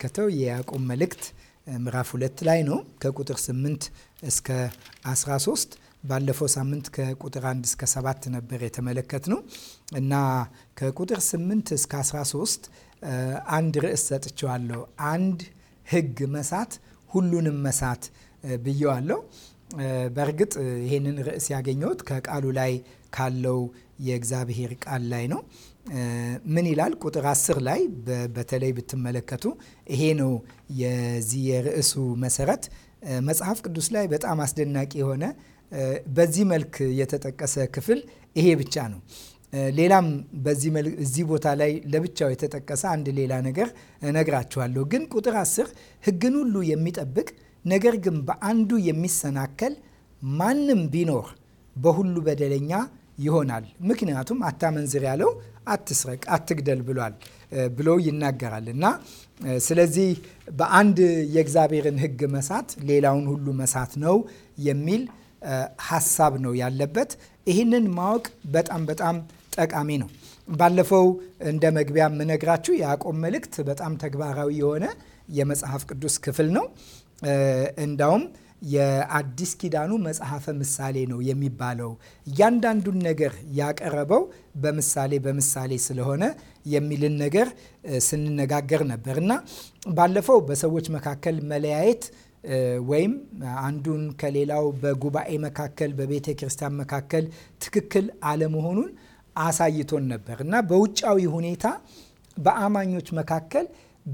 የምንመለከተው የያዕቆብ መልእክት ምዕራፍ ሁለት ላይ ነው ከቁጥር 8 እስከ 13 ባለፈው ሳምንት ከቁጥር 1 እስከ 7 ነበር የተመለከት ነው እና ከቁጥር 8 እስከ 13 አንድ ርዕስ ሰጥቸዋለሁ። አንድ ህግ መሳት ሁሉንም መሳት ብዬዋለሁ። በእርግጥ ይህንን ርዕስ ያገኘሁት ከቃሉ ላይ ካለው የእግዚአብሔር ቃል ላይ ነው። ምን ይላል? ቁጥር 10 ላይ በተለይ ብትመለከቱ ይሄ ነው የዚህ የርዕሱ መሰረት። መጽሐፍ ቅዱስ ላይ በጣም አስደናቂ የሆነ በዚህ መልክ የተጠቀሰ ክፍል ይሄ ብቻ ነው። ሌላም በዚህ እዚህ ቦታ ላይ ለብቻው የተጠቀሰ አንድ ሌላ ነገር እነግራችኋለሁ። ግን ቁጥር 10 ሕግን ሁሉ የሚጠብቅ ነገር ግን በአንዱ የሚሰናከል ማንም ቢኖር በሁሉ በደለኛ ይሆናል። ምክንያቱም አታመንዝር ያለው አትስረቅ፣ አትግደል ብሏል ብሎ ይናገራል እና ስለዚህ በአንድ የእግዚአብሔርን ሕግ መሳት ሌላውን ሁሉ መሳት ነው የሚል ሀሳብ ነው ያለበት። ይህንን ማወቅ በጣም በጣም ጠቃሚ ነው። ባለፈው እንደ መግቢያ የምነግራችሁ የያዕቆብ መልእክት በጣም ተግባራዊ የሆነ የመጽሐፍ ቅዱስ ክፍል ነው። እንዳውም የአዲስ ኪዳኑ መጽሐፈ ምሳሌ ነው የሚባለው። እያንዳንዱን ነገር ያቀረበው በምሳሌ በምሳሌ ስለሆነ የሚልን ነገር ስንነጋገር ነበር እና ባለፈው በሰዎች መካከል መለያየት ወይም አንዱን ከሌላው በጉባኤ መካከል በቤተ ክርስቲያን መካከል ትክክል አለመሆኑን አሳይቶን ነበር እና በውጫዊ ሁኔታ በአማኞች መካከል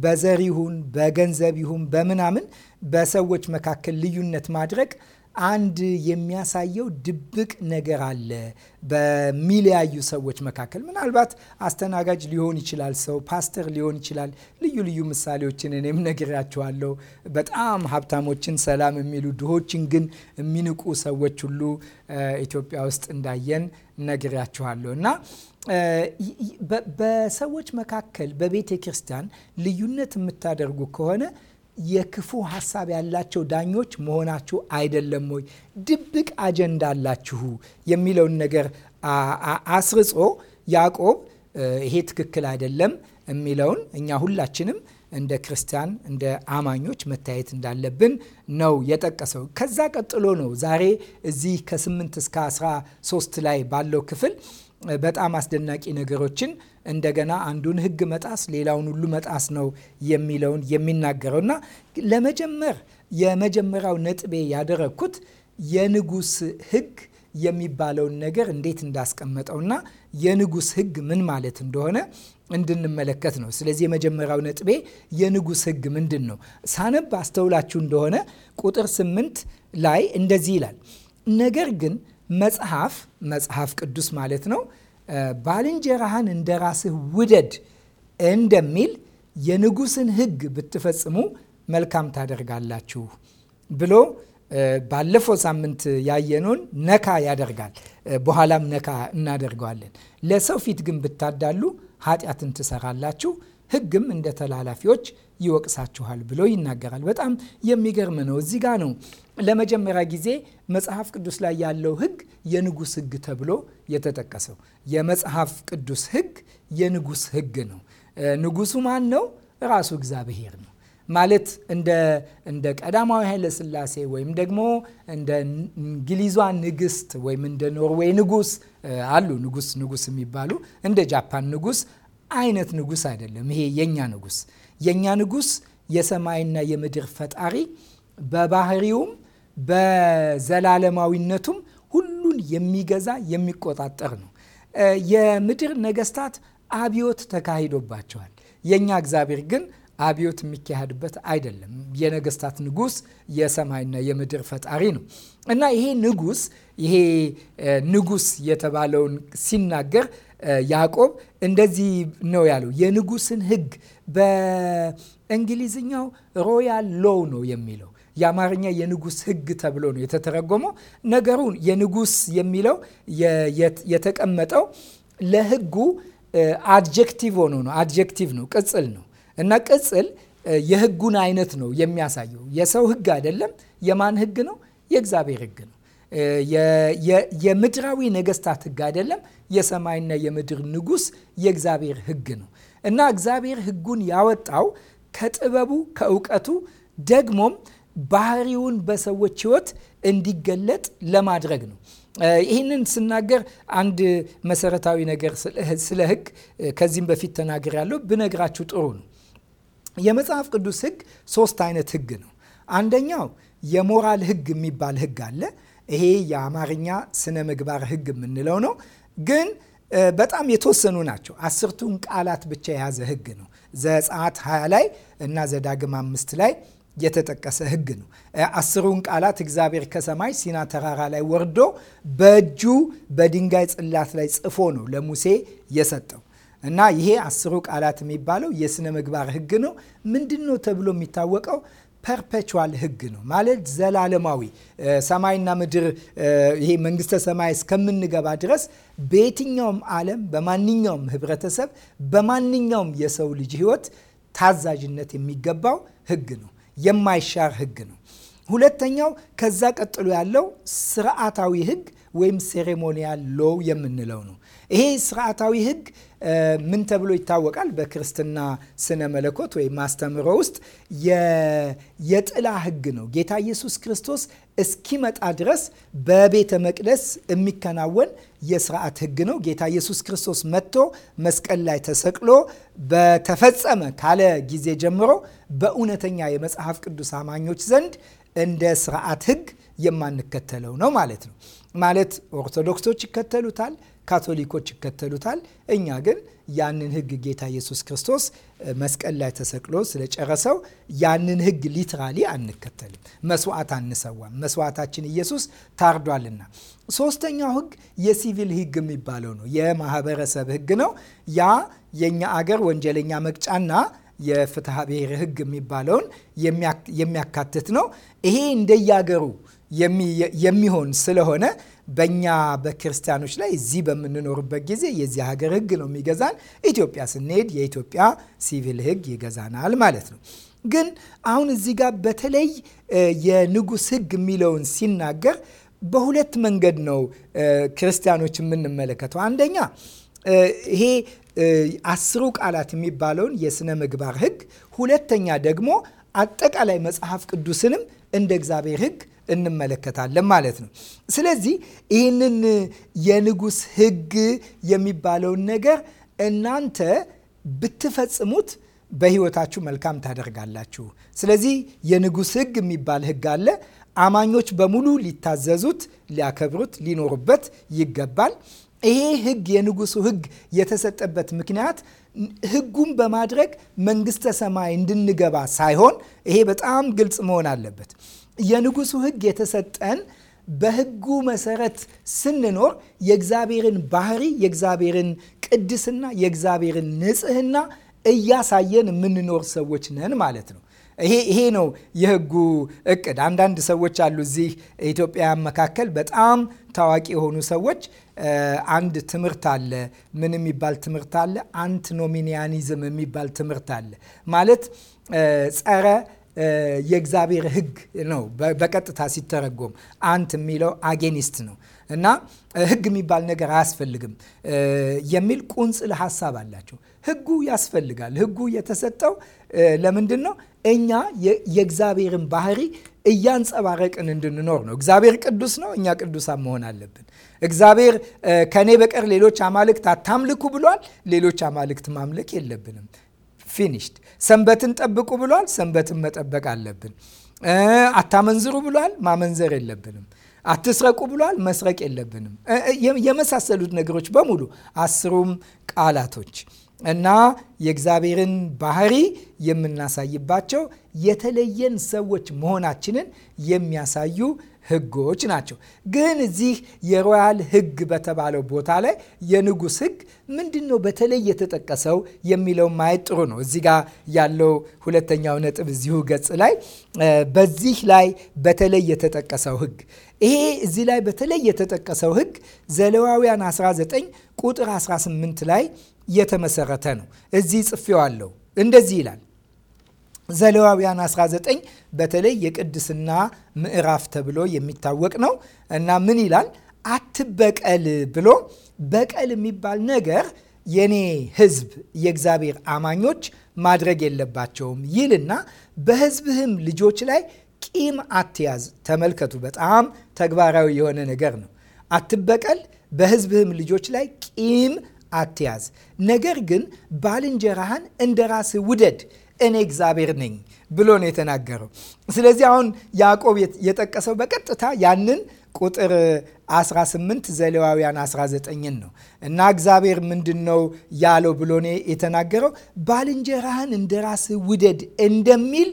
በዘር ይሁን በገንዘብ ይሁን በምናምን በሰዎች መካከል ልዩነት ማድረግ አንድ የሚያሳየው ድብቅ ነገር አለ በሚለያዩ ሰዎች መካከል። ምናልባት አስተናጋጅ ሊሆን ይችላል ሰው፣ ፓስተር ሊሆን ይችላል። ልዩ ልዩ ምሳሌዎችን እኔም ነግራችኋለሁ። በጣም ሀብታሞችን ሰላም የሚሉ ድሆችን ግን የሚንቁ ሰዎች ሁሉ ኢትዮጵያ ውስጥ እንዳየን ነግራችኋለሁ እና በሰዎች መካከል በቤተ ክርስቲያን ልዩነት የምታደርጉ ከሆነ የክፉ ሀሳብ ያላቸው ዳኞች መሆናችሁ አይደለም ወይ? ድብቅ አጀንዳ አላችሁ የሚለውን ነገር አስርጾ ያዕቆብ ይሄ ትክክል አይደለም የሚለውን እኛ ሁላችንም እንደ ክርስቲያን እንደ አማኞች መታየት እንዳለብን ነው የጠቀሰው። ከዛ ቀጥሎ ነው ዛሬ እዚህ ከ8 እስከ 13 ላይ ባለው ክፍል በጣም አስደናቂ ነገሮችን እንደገና አንዱን ህግ መጣስ ሌላውን ሁሉ መጣስ ነው የሚለውን የሚናገረው እና ለመጀመር የመጀመሪያው ነጥቤ ያደረግኩት የንጉስ ህግ የሚባለውን ነገር እንዴት እንዳስቀመጠው እና የንጉስ ህግ ምን ማለት እንደሆነ እንድንመለከት ነው። ስለዚህ የመጀመሪያው ነጥቤ የንጉስ ህግ ምንድን ነው? ሳነብ አስተውላችሁ እንደሆነ ቁጥር ስምንት ላይ እንደዚህ ይላል። ነገር ግን መጽሐፍ መጽሐፍ ቅዱስ ማለት ነው ባልንጀራህን እንደ ራስህ ውደድ እንደሚል የንጉስን ህግ ብትፈጽሙ መልካም ታደርጋላችሁ ብሎ ባለፈው ሳምንት ያየነውን ነካ ያደርጋል። በኋላም ነካ እናደርገዋለን። ለሰው ፊት ግን ብታዳሉ ኃጢአትን ትሰራላችሁ፣ ህግም እንደ ተላላፊዎች ይወቅሳችኋል ብሎ ይናገራል። በጣም የሚገርም ነው። እዚህ ጋ ነው ለመጀመሪያ ጊዜ መጽሐፍ ቅዱስ ላይ ያለው ህግ የንጉስ ህግ ተብሎ የተጠቀሰው የመጽሐፍ ቅዱስ ህግ የንጉስ ህግ ነው። ንጉሱ ማን ነው? ራሱ እግዚአብሔር ነው ማለት እንደ ቀዳማዊ ኃይለ ስላሴ ወይም ደግሞ እንደ እንግሊዟ ንግስት ወይም እንደ ኖርዌይ ንጉስ አሉ ንጉስ ንጉስ የሚባሉ እንደ ጃፓን ንጉስ አይነት ንጉስ አይደለም። ይሄ የእኛ ንጉስ የእኛ ንጉስ የሰማይና የምድር ፈጣሪ በባህሪውም በዘላለማዊነቱም ሁሉን የሚገዛ የሚቆጣጠር ነው። የምድር ነገስታት አብዮት ተካሂዶባቸዋል። የእኛ እግዚአብሔር ግን አብዮት የሚካሄድበት አይደለም። የነገስታት ንጉስ የሰማይና የምድር ፈጣሪ ነው እና ይሄ ንጉስ ይሄ ንጉስ የተባለውን ሲናገር ያዕቆብ እንደዚህ ነው ያለው። የንጉስን ህግ በእንግሊዝኛው ሮያል ሎው ነው የሚለው የአማርኛ የንጉስ ህግ ተብሎ ነው የተተረጎመው። ነገሩን የንጉስ የሚለው የተቀመጠው ለህጉ አድጀክቲቭ ሆኖ ነው። አድጀክቲቭ ነው፣ ቅጽል ነው እና ቅጽል የህጉን አይነት ነው የሚያሳየው። የሰው ህግ አይደለም። የማን ህግ ነው? የእግዚአብሔር ህግ ነው። የምድራዊ ነገስታት ህግ አይደለም። የሰማይና የምድር ንጉስ የእግዚአብሔር ህግ ነው እና እግዚአብሔር ህጉን ያወጣው ከጥበቡ ከእውቀቱ ደግሞም ባህሪውን በሰዎች ህይወት እንዲገለጥ ለማድረግ ነው። ይህንን ስናገር አንድ መሰረታዊ ነገር ስለ ህግ ከዚህም በፊት ተናገር ያለው ብነግራችሁ ጥሩ ነው። የመጽሐፍ ቅዱስ ህግ ሶስት አይነት ህግ ነው። አንደኛው የሞራል ህግ የሚባል ህግ አለ። ይሄ የአማርኛ ስነ ምግባር ህግ የምንለው ነው። ግን በጣም የተወሰኑ ናቸው። አስርቱን ቃላት ብቻ የያዘ ህግ ነው። ዘጸአት 20 ላይ እና ዘዳግም አምስት ላይ የተጠቀሰ ህግ ነው። አስሩን ቃላት እግዚአብሔር ከሰማይ ሲና ተራራ ላይ ወርዶ በእጁ በድንጋይ ጽላት ላይ ጽፎ ነው ለሙሴ የሰጠው እና ይሄ አስሩ ቃላት የሚባለው የስነ ምግባር ህግ ነው። ምንድን ነው ተብሎ የሚታወቀው? ፐርፔቹዋል ህግ ነው ማለት ዘላለማዊ ሰማይና ምድር ይሄ መንግስተ ሰማይ እስከምንገባ ድረስ በየትኛውም ዓለም በማንኛውም ህብረተሰብ በማንኛውም የሰው ልጅ ህይወት ታዛዥነት የሚገባው ህግ ነው። የማይሻር ህግ ነው። ሁለተኛው ከዛ ቀጥሎ ያለው ስርዓታዊ ህግ ወይም ሴሬሞኒያል ሎው የምንለው ነው። ይሄ ስርዓታዊ ህግ ምን ተብሎ ይታወቃል? በክርስትና ስነ መለኮት ወይም ማስተምሮ ውስጥ የጥላ ህግ ነው። ጌታ ኢየሱስ ክርስቶስ እስኪመጣ ድረስ በቤተ መቅደስ የሚከናወን የስርዓት ህግ ነው። ጌታ ኢየሱስ ክርስቶስ መጥቶ መስቀል ላይ ተሰቅሎ በተፈጸመ ካለ ጊዜ ጀምሮ በእውነተኛ የመጽሐፍ ቅዱስ አማኞች ዘንድ እንደ ስርዓት ህግ የማንከተለው ነው ማለት ነው። ማለት ኦርቶዶክሶች ይከተሉታል ካቶሊኮች ይከተሉታል። እኛ ግን ያንን ህግ ጌታ ኢየሱስ ክርስቶስ መስቀል ላይ ተሰቅሎ ስለጨረሰው ያንን ህግ ሊትራሊ አንከተልም። መስዋዕት አንሰዋም። መስዋዕታችን ኢየሱስ ታርዷልና። ሶስተኛው ህግ የሲቪል ህግ የሚባለው ነው። የማህበረሰብ ህግ ነው። ያ የእኛ አገር ወንጀለኛ መቅጫና የፍትሐ ብሔር ህግ የሚባለውን የሚያካትት ነው። ይሄ እንደያገሩ የሚሆን ስለሆነ በእኛ በክርስቲያኖች ላይ እዚህ በምንኖርበት ጊዜ የዚህ ሀገር ህግ ነው የሚገዛን። ኢትዮጵያ ስንሄድ የኢትዮጵያ ሲቪል ህግ ይገዛናል ማለት ነው። ግን አሁን እዚህ ጋር በተለይ የንጉስ ህግ የሚለውን ሲናገር በሁለት መንገድ ነው ክርስቲያኖች የምንመለከተው። አንደኛ ይሄ አስሩ ቃላት የሚባለውን የስነ ምግባር ህግ፣ ሁለተኛ ደግሞ አጠቃላይ መጽሐፍ ቅዱስንም እንደ እግዚአብሔር ህግ እንመለከታለን ማለት ነው። ስለዚህ ይህንን የንጉሥ ህግ የሚባለውን ነገር እናንተ ብትፈጽሙት በህይወታችሁ መልካም ታደርጋላችሁ። ስለዚህ የንጉሥ ህግ የሚባል ህግ አለ። አማኞች በሙሉ ሊታዘዙት፣ ሊያከብሩት፣ ሊኖሩበት ይገባል። ይሄ ህግ የንጉሱ ህግ የተሰጠበት ምክንያት ህጉን በማድረግ መንግስተ ሰማይ እንድንገባ ሳይሆን፣ ይሄ በጣም ግልጽ መሆን አለበት። የንጉሱ ህግ የተሰጠን በህጉ መሰረት ስንኖር የእግዚአብሔርን ባህሪ፣ የእግዚአብሔርን ቅድስና፣ የእግዚአብሔርን ንጽህና እያሳየን የምንኖር ሰዎች ነን ማለት ነው። ይሄ ነው የህጉ እቅድ። አንዳንድ ሰዎች አሉ እዚህ ኢትዮጵያውያን መካከል በጣም ታዋቂ የሆኑ ሰዎች አንድ ትምህርት አለ። ምን የሚባል ትምህርት አለ? አንትኖሚኒያኒዝም የሚባል ትምህርት አለ ማለት ጸረ የእግዚአብሔር ሕግ ነው። በቀጥታ ሲተረጎም አንት የሚለው አጌኒስት ነው እና ሕግ የሚባል ነገር አያስፈልግም የሚል ቁንጽል ሀሳብ አላቸው። ሕጉ ያስፈልጋል። ሕጉ የተሰጠው ለምንድን ነው? እኛ የእግዚአብሔርን ባህሪ እያንጸባረቅን እንድንኖር ነው። እግዚአብሔር ቅዱስ ነው፣ እኛ ቅዱሳን መሆን አለብን። እግዚአብሔር ከእኔ በቀር ሌሎች አማልክት አታምልኩ ብሏል። ሌሎች አማልክት ማምለክ የለብንም። ፊኒሽድ ሰንበትን ጠብቁ ብሏል። ሰንበትን መጠበቅ አለብን። አታመንዝሩ ብሏል። ማመንዘር የለብንም። አትስረቁ ብሏል። መስረቅ የለብንም። የመሳሰሉት ነገሮች በሙሉ አስሩም ቃላቶች እና የእግዚአብሔርን ባህሪ የምናሳይባቸው የተለየን ሰዎች መሆናችንን የሚያሳዩ ህጎች ናቸው። ግን እዚህ የሮያል ህግ በተባለው ቦታ ላይ የንጉሥ ህግ ምንድን ነው በተለይ የተጠቀሰው የሚለው ማየት ጥሩ ነው። እዚህ ጋ ያለው ሁለተኛው ነጥብ እዚሁ ገጽ ላይ በዚህ ላይ በተለይ የተጠቀሰው ህግ ይሄ እዚህ ላይ በተለይ የተጠቀሰው ህግ ዘሌዋውያን 19 ቁጥር 18 ላይ የተመሰረተ ነው። እዚህ ጽፌዋለሁ። እንደዚህ ይላል ዘሌዋውያን 19 በተለይ የቅድስና ምዕራፍ ተብሎ የሚታወቅ ነው እና ምን ይላል? አትበቀል ብሎ በቀል የሚባል ነገር የኔ ህዝብ የእግዚአብሔር አማኞች ማድረግ የለባቸውም ይልና በህዝብህም ልጆች ላይ ቂም አትያዝ። ተመልከቱ፣ በጣም ተግባራዊ የሆነ ነገር ነው። አትበቀል፣ በህዝብህም ልጆች ላይ ቂም አትያዝ፣ ነገር ግን ባልንጀራህን እንደ ራስህ ውደድ እኔ እግዚአብሔር ነኝ ብሎ ነው የተናገረው። ስለዚህ አሁን ያዕቆብ የጠቀሰው በቀጥታ ያንን ቁጥር 18 ዘሌዋውያን 19ን ነው እና እግዚአብሔር ምንድን ነው ያለው ብሎ ነው የተናገረው። ባልንጀራህን እንደ ራስ ውደድ እንደሚል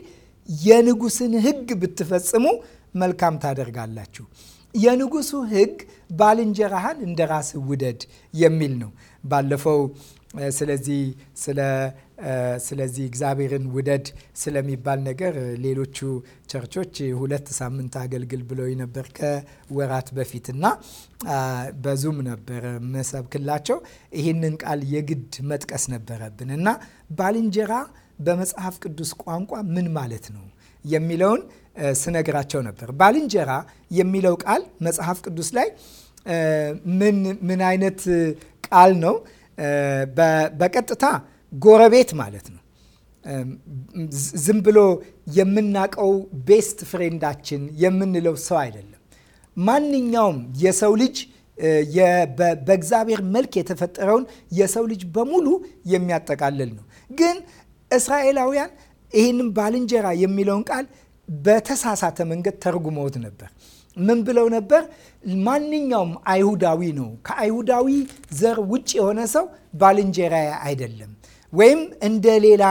የንጉስን ሕግ ብትፈጽሙ መልካም ታደርጋላችሁ። የንጉሱ ሕግ ባልንጀራህን እንደ ራስ ውደድ የሚል ነው። ባለፈው ስለዚህ ስለ ስለዚህ እግዚአብሔርን ውደድ ስለሚባል ነገር ሌሎቹ ቸርቾች ሁለት ሳምንት አገልግል ብለው ነበር ከወራት በፊት እና በዙም ነበረ መሰብክላቸው ይህንን ቃል የግድ መጥቀስ ነበረብን እና ባልንጀራ በመጽሐፍ ቅዱስ ቋንቋ ምን ማለት ነው የሚለውን ስነግራቸው ነበር። ባልንጀራ የሚለው ቃል መጽሐፍ ቅዱስ ላይ ምን ምን አይነት ቃል ነው? በቀጥታ ጎረቤት ማለት ነው። ዝም ብሎ የምናቀው ቤስት ፍሬንዳችን የምንለው ሰው አይደለም። ማንኛውም የሰው ልጅ በእግዚአብሔር መልክ የተፈጠረውን የሰው ልጅ በሙሉ የሚያጠቃልል ነው። ግን እስራኤላውያን ይህንም ባልንጀራ የሚለውን ቃል በተሳሳተ መንገድ ተርጉመውት ነበር። ምን ብለው ነበር? ማንኛውም አይሁዳዊ ነው፣ ከአይሁዳዊ ዘር ውጭ የሆነ ሰው ባልንጀራ አይደለም ወይም እንደ ሌላ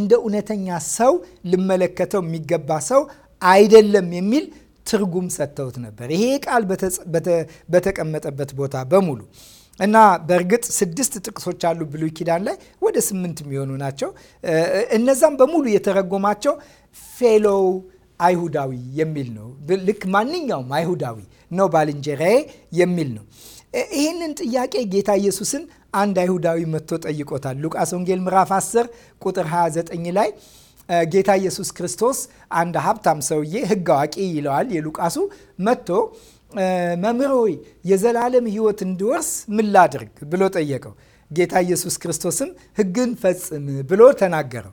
እንደ እውነተኛ ሰው ልመለከተው የሚገባ ሰው አይደለም የሚል ትርጉም ሰጥተውት ነበር። ይሄ ቃል በተቀመጠበት ቦታ በሙሉ እና በእርግጥ ስድስት ጥቅሶች አሉ ብሉይ ኪዳን ላይ ወደ ስምንት የሚሆኑ ናቸው። እነዛም በሙሉ የተረጎማቸው ፌሎው አይሁዳዊ የሚል ነው። ልክ ማንኛውም አይሁዳዊ ነው ባልንጀራዬ የሚል ነው። ይህንን ጥያቄ ጌታ ኢየሱስን አንድ አይሁዳዊ መጥቶ ጠይቆታል። ሉቃስ ወንጌል ምዕራፍ 10 ቁጥር 29 ላይ ጌታ ኢየሱስ ክርስቶስ አንድ ሀብታም ሰውዬ ሕግ አዋቂ ይለዋል የሉቃሱ መጥቶ መምህር ሆይ የዘላለም ሕይወት እንዲወርስ ምን ላድርግ ብሎ ጠየቀው። ጌታ ኢየሱስ ክርስቶስም ሕግን ፈጽም ብሎ ተናገረው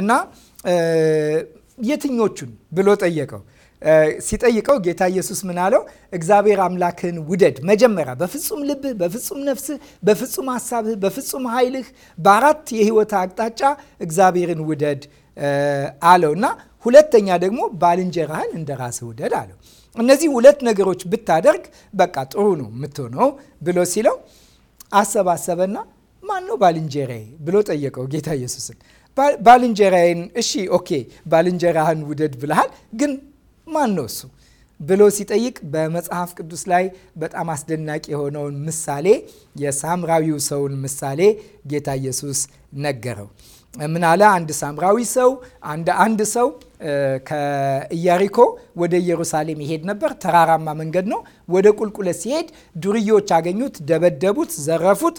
እና የትኞቹን ብሎ ጠየቀው ሲጠይቀው ጌታ ኢየሱስ ምን አለው? እግዚአብሔር አምላክህን ውደድ መጀመሪያ በፍጹም ልብህ፣ በፍጹም ነፍስህ፣ በፍጹም ሀሳብህ፣ በፍጹም ኃይልህ በአራት የህይወት አቅጣጫ እግዚአብሔርን ውደድ አለው እና ሁለተኛ ደግሞ ባልንጀራህን እንደ ራስህ ውደድ አለው። እነዚህ ሁለት ነገሮች ብታደርግ በቃ ጥሩ ነው የምትሆነው ብሎ ሲለው አሰባሰበና ማን ነው ባልንጀራዬ ብሎ ጠየቀው ጌታ ኢየሱስን። ባልንጀራዬን እሺ ኦኬ፣ ባልንጀራህን ውደድ ብልሃል ግን ማን ነው እሱ ብሎ ሲጠይቅ በመጽሐፍ ቅዱስ ላይ በጣም አስደናቂ የሆነውን ምሳሌ የሳምራዊው ሰውን ምሳሌ ጌታ ኢየሱስ ነገረው። ምን አለ? አንድ ሳምራዊ ሰው አንድ አንድ ሰው ከኢያሪኮ ወደ ኢየሩሳሌም ይሄድ ነበር። ተራራማ መንገድ ነው። ወደ ቁልቁለት ሲሄድ ዱርዮች አገኙት፣ ደበደቡት፣ ዘረፉት፣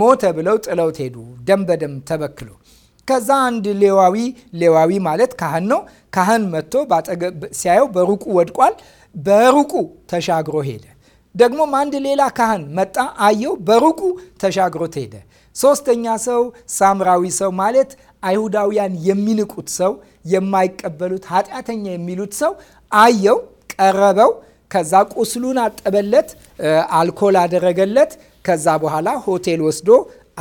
ሞተ ብለው ጥለውት ሄዱ፣ ደም በደም ተበክሎ ከዛ አንድ ሌዋዊ ሌዋዊ ማለት ካህን ነው። ካህን መጥቶ ሲያየው በሩቁ ወድቋል። በሩቁ ተሻግሮ ሄደ። ደግሞም አንድ ሌላ ካህን መጣ፣ አየው፣ በሩቁ ተሻግሮ ሄደ። ሶስተኛ ሰው ሳምራዊ ሰው ማለት አይሁዳውያን የሚንቁት ሰው፣ የማይቀበሉት ኃጢአተኛ የሚሉት ሰው አየው፣ ቀረበው። ከዛ ቁስሉን አጠበለት፣ አልኮል አደረገለት። ከዛ በኋላ ሆቴል ወስዶ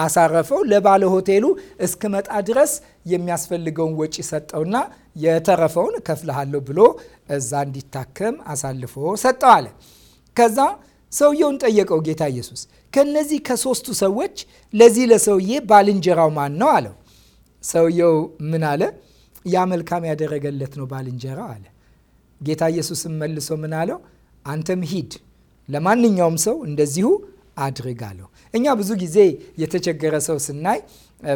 አሳረፈው። ለባለ ሆቴሉ እስክመጣ ድረስ የሚያስፈልገውን ወጪ ሰጠውና የተረፈውን እከፍልሃለሁ ብሎ እዛ እንዲታከም አሳልፎ ሰጠው አለ። ከዛ ሰውየውን ጠየቀው ጌታ ኢየሱስ ከነዚህ ከሶስቱ ሰዎች ለዚህ ለሰውዬ ባልንጀራው ማን ነው አለው። ሰውየው ምን አለ? ያ መልካም ያደረገለት ነው ባልንጀራው አለ። ጌታ ኢየሱስም መልሶ ምን አለው? አንተም ሂድ ለማንኛውም ሰው እንደዚሁ አድርግ አለው። እኛ ብዙ ጊዜ የተቸገረ ሰው ስናይ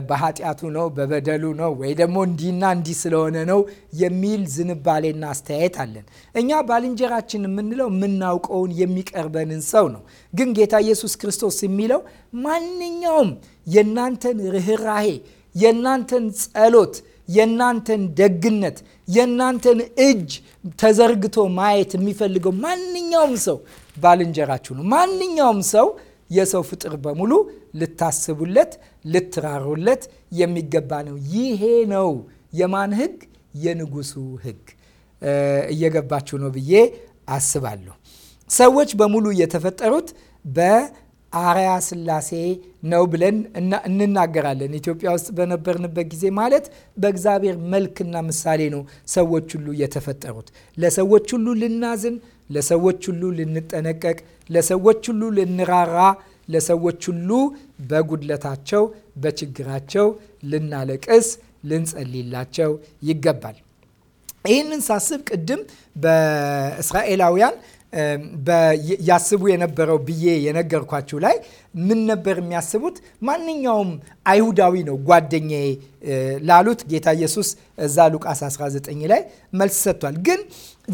በኃጢአቱ ነው በበደሉ ነው ወይ ደግሞ እንዲህና እንዲህ ስለሆነ ነው የሚል ዝንባሌና አስተያየት አለን። እኛ ባልንጀራችን የምንለው የምናውቀውን የሚቀርበንን ሰው ነው። ግን ጌታ ኢየሱስ ክርስቶስ የሚለው ማንኛውም የእናንተን ርኅራሄ፣ የእናንተን ጸሎት፣ የእናንተን ደግነት፣ የእናንተን እጅ ተዘርግቶ ማየት የሚፈልገው ማንኛውም ሰው ባልንጀራችሁ ነው። ማንኛውም ሰው የሰው ፍጥር በሙሉ ልታስቡለት፣ ልትራሩለት የሚገባ ነው። ይሄ ነው የማን ህግ? የንጉሱ ህግ። እየገባችሁ ነው ብዬ አስባለሁ። ሰዎች በሙሉ የተፈጠሩት በአርያ ስላሴ ነው ብለን እንናገራለን። ኢትዮጵያ ውስጥ በነበርንበት ጊዜ ማለት በእግዚአብሔር መልክና ምሳሌ ነው ሰዎች ሁሉ የተፈጠሩት። ለሰዎች ሁሉ ልናዝን ለሰዎች ሁሉ ልንጠነቀቅ፣ ለሰዎች ሁሉ ልንራራ፣ ለሰዎች ሁሉ በጉድለታቸው በችግራቸው ልናለቅስ፣ ልንጸልይላቸው ይገባል። ይህንን ሳስብ ቅድም በእስራኤላውያን ያስቡ የነበረው ብዬ የነገርኳችሁ ላይ ምን ነበር የሚያስቡት? ማንኛውም አይሁዳዊ ነው ጓደኛዬ ላሉት ጌታ ኢየሱስ እዛ ሉቃስ 19 ላይ መልስ ሰጥቷል። ግን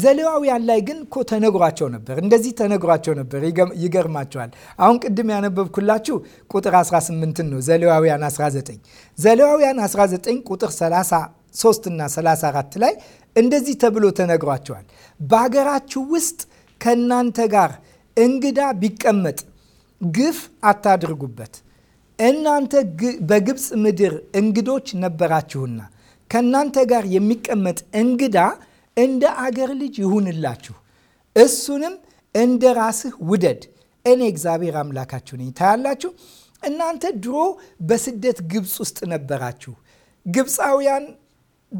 ዘሌዋውያን ላይ ግን እኮ ተነግሯቸው ነበር፣ እንደዚህ ተነግሯቸው ነበር። ይገርማቸዋል። አሁን ቅድም ያነበብኩላችሁ ቁጥር 18 ነው ዘሌዋውያን 19 ዘሌዋውያን 19 ቁጥር 33 እና 34 ላይ እንደዚህ ተብሎ ተነግሯቸዋል በሀገራችሁ ውስጥ ከእናንተ ጋር እንግዳ ቢቀመጥ ግፍ አታድርጉበት። እናንተ በግብፅ ምድር እንግዶች ነበራችሁና ከእናንተ ጋር የሚቀመጥ እንግዳ እንደ አገር ልጅ ይሁንላችሁ፣ እሱንም እንደ ራስህ ውደድ። እኔ እግዚአብሔር አምላካችሁ ነኝ። ታያላችሁ፣ እናንተ ድሮ በስደት ግብፅ ውስጥ ነበራችሁ። ግብፃውያን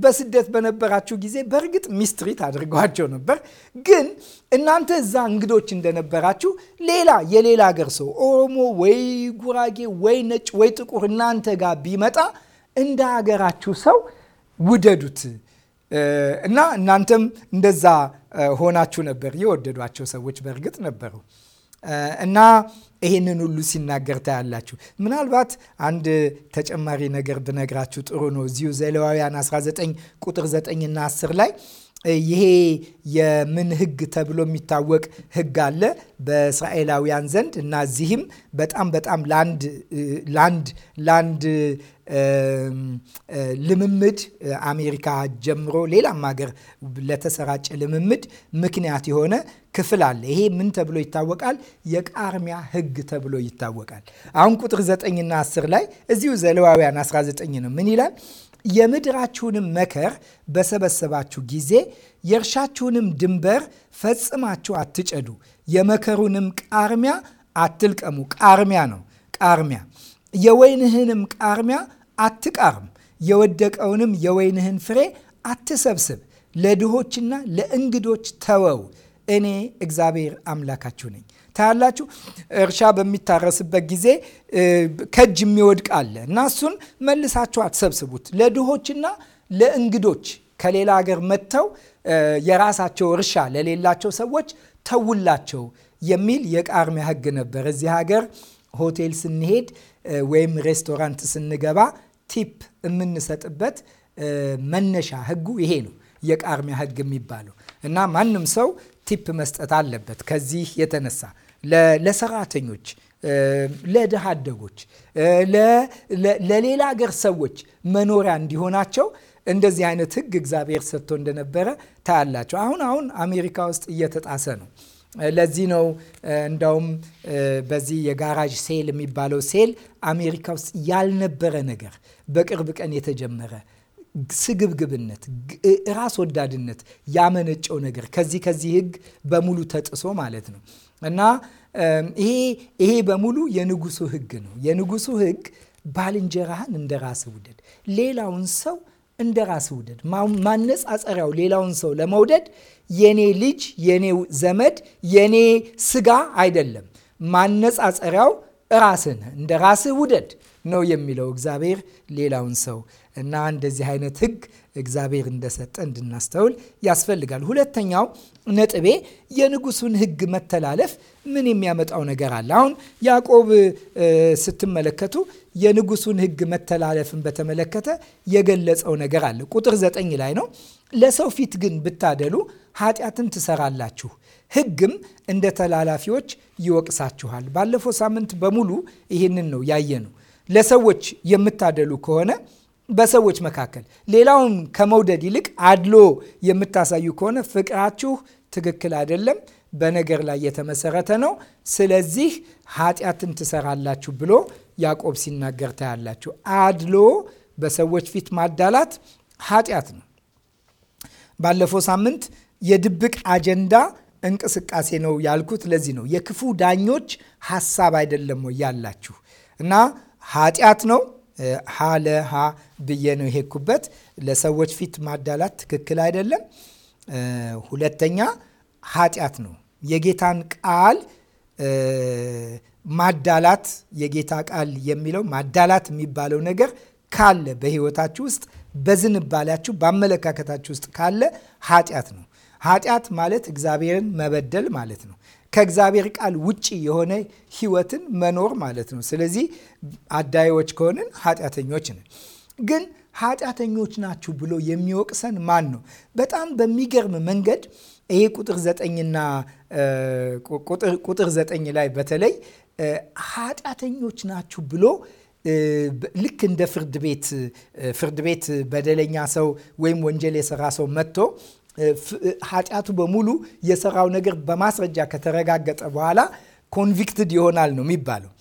በስደት በነበራችሁ ጊዜ በእርግጥ ሚስትሪት አድርጓቸው ነበር። ግን እናንተ እዛ እንግዶች እንደነበራችሁ ሌላ የሌላ ሀገር ሰው ኦሮሞ ወይ ጉራጌ ወይ ነጭ ወይ ጥቁር እናንተ ጋር ቢመጣ እንደ ሀገራችሁ ሰው ውደዱት እና እናንተም እንደዛ ሆናችሁ ነበር። የወደዷቸው ሰዎች በእርግጥ ነበሩ። እና ይሄንን ሁሉ ሲናገር ታያላችሁ። ምናልባት አንድ ተጨማሪ ነገር ብነግራችሁ ጥሩ ነው። እዚሁ ዘሌዋውያን 19 ቁጥር 9 እና 10 ላይ ይሄ የምን ህግ ተብሎ የሚታወቅ ህግ አለ በእስራኤላውያን ዘንድ እና እዚህም በጣም በጣም ለአንድ ልምምድ አሜሪካ ጀምሮ ሌላም ሀገር ለተሰራጨ ልምምድ ምክንያት የሆነ ክፍል አለ። ይሄ ምን ተብሎ ይታወቃል? የቃርሚያ ሕግ ተብሎ ይታወቃል። አሁን ቁጥር 9ና 10 ላይ እዚሁ ዘሌዋውያን 19 ነው። ምን ይላል? የምድራችሁንም መከር በሰበሰባችሁ ጊዜ የእርሻችሁንም ድንበር ፈጽማችሁ አትጨዱ፣ የመከሩንም ቃርሚያ አትልቀሙ። ቃርሚያ ነው ቃርሚያ የወይንህንም ቃርሚያ አትቃርም፣ የወደቀውንም የወይንህን ፍሬ አትሰብስብ፣ ለድሆችና ለእንግዶች ተወው። እኔ እግዚአብሔር አምላካችሁ ነኝ። ታያላችሁ፣ እርሻ በሚታረስበት ጊዜ ከእጅ የሚወድቅ አለ እና እሱን መልሳችሁ አትሰብስቡት። ለድሆችና ለእንግዶች ከሌላ ሀገር መጥተው የራሳቸው እርሻ ለሌላቸው ሰዎች ተውላቸው የሚል የቃርሚያ ሕግ ነበር። እዚህ ሀገር ሆቴል ስንሄድ ወይም ሬስቶራንት ስንገባ ቲፕ የምንሰጥበት መነሻ ህጉ ይሄ ነው፣ የቃርሚያ ህግ የሚባለው እና ማንም ሰው ቲፕ መስጠት አለበት። ከዚህ የተነሳ ለሰራተኞች፣ ለድሃ አደጎች፣ ለሌላ ሀገር ሰዎች መኖሪያ እንዲሆናቸው እንደዚህ አይነት ህግ እግዚአብሔር ሰጥቶ እንደነበረ ታያላቸው። አሁን አሁን አሜሪካ ውስጥ እየተጣሰ ነው። ለዚህ ነው እንዳውም በዚህ የጋራጅ ሴል የሚባለው ሴል አሜሪካ ውስጥ ያልነበረ ነገር በቅርብ ቀን የተጀመረ ስግብግብነት፣ ራስ ወዳድነት ያመነጨው ነገር ከዚህ ከዚህ ህግ በሙሉ ተጥሶ ማለት ነው እና ይሄ ይሄ በሙሉ የንጉሱ ህግ ነው። የንጉሱ ህግ ባልንጀራህን እንደ ራስ ውደድ፣ ሌላውን ሰው እንደ ራስ ውደድ። ማነጻጸሪያው ሌላውን ሰው ለመውደድ የኔ ልጅ፣ የኔ ዘመድ፣ የኔ ስጋ አይደለም። ማነጻጸሪያው ራስን እንደ ራስህ ውደድ ነው የሚለው እግዚአብሔር ሌላውን ሰው እና እንደዚህ አይነት ህግ እግዚአብሔር እንደሰጠ እንድናስተውል ያስፈልጋል። ሁለተኛው ነጥቤ የንጉሱን ህግ መተላለፍ ምን የሚያመጣው ነገር አለ? አሁን ያዕቆብ ስትመለከቱ የንጉሱን ህግ መተላለፍን በተመለከተ የገለጸው ነገር አለ። ቁጥር ዘጠኝ ላይ ነው። ለሰው ፊት ግን ብታደሉ ኃጢአትን ትሰራላችሁ፣ ህግም እንደ ተላላፊዎች ይወቅሳችኋል። ባለፈው ሳምንት በሙሉ ይህንን ነው ያየ ነው። ለሰዎች የምታደሉ ከሆነ በሰዎች መካከል ሌላውን ከመውደድ ይልቅ አድሎ የምታሳዩ ከሆነ ፍቅራችሁ ትክክል አይደለም፣ በነገር ላይ የተመሰረተ ነው። ስለዚህ ኃጢአትን ትሰራላችሁ ብሎ ያዕቆብ ሲናገር ታያላችሁ። አድሎ በሰዎች ፊት ማዳላት ኃጢአት ነው። ባለፈው ሳምንት የድብቅ አጀንዳ እንቅስቃሴ ነው ያልኩት ለዚህ ነው። የክፉ ዳኞች ሀሳብ አይደለም ወይ ያላችሁ እና ኃጢአት ነው ሀ ብዬ ነው የሄድኩበት። ለሰዎች ፊት ማዳላት ትክክል አይደለም። ሁለተኛ ኃጢአት ነው። የጌታን ቃል ማዳላት የጌታ ቃል የሚለው ማዳላት የሚባለው ነገር ካለ በህይወታችሁ ውስጥ በዝንባላችሁ፣ በአመለካከታችሁ ውስጥ ካለ ኃጢአት ነው። ኃጢአት ማለት እግዚአብሔርን መበደል ማለት ነው። ከእግዚአብሔር ቃል ውጪ የሆነ ህይወትን መኖር ማለት ነው። ስለዚህ አዳዮች ከሆንን ኃጢአተኞች ነን። ግን ኃጢአተኞች ናችሁ ብሎ የሚወቅሰን ማን ነው? በጣም በሚገርም መንገድ ይሄ ቁጥር ዘጠኝና ቁጥር ዘጠኝ ላይ በተለይ ኃጢአተኞች ናችሁ ብሎ ልክ እንደ ፍርድ ቤት ፍርድ ቤት በደለኛ ሰው ወይም ወንጀል የሰራ ሰው መጥቶ ኃጢአቱ በሙሉ የሰራው ነገር በማስረጃ ከተረጋገጠ በኋላ ኮንቪክትድ ይሆናል ነው የሚባለው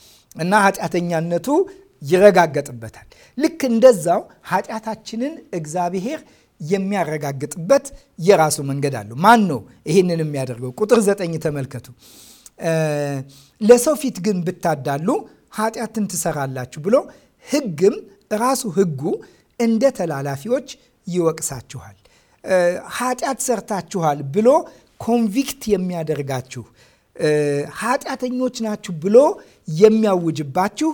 እና ኃጢአተኛነቱ ይረጋገጥበታል። ልክ እንደዛው ኃጢአታችንን እግዚአብሔር የሚያረጋግጥበት የራሱ መንገድ አለው። ማን ነው ይህንን የሚያደርገው? ቁጥር ዘጠኝ ተመልከቱ። ለሰው ፊት ግን ብታዳሉ ኃጢአትን ትሰራላችሁ ብሎ ሕግም ራሱ ሕጉ እንደ ተላላፊዎች ይወቅሳችኋል ኃጢአት ሰርታችኋል ብሎ ኮንቪክት የሚያደርጋችሁ ኃጢአተኞች ናችሁ ብሎ የሚያውጅባችሁ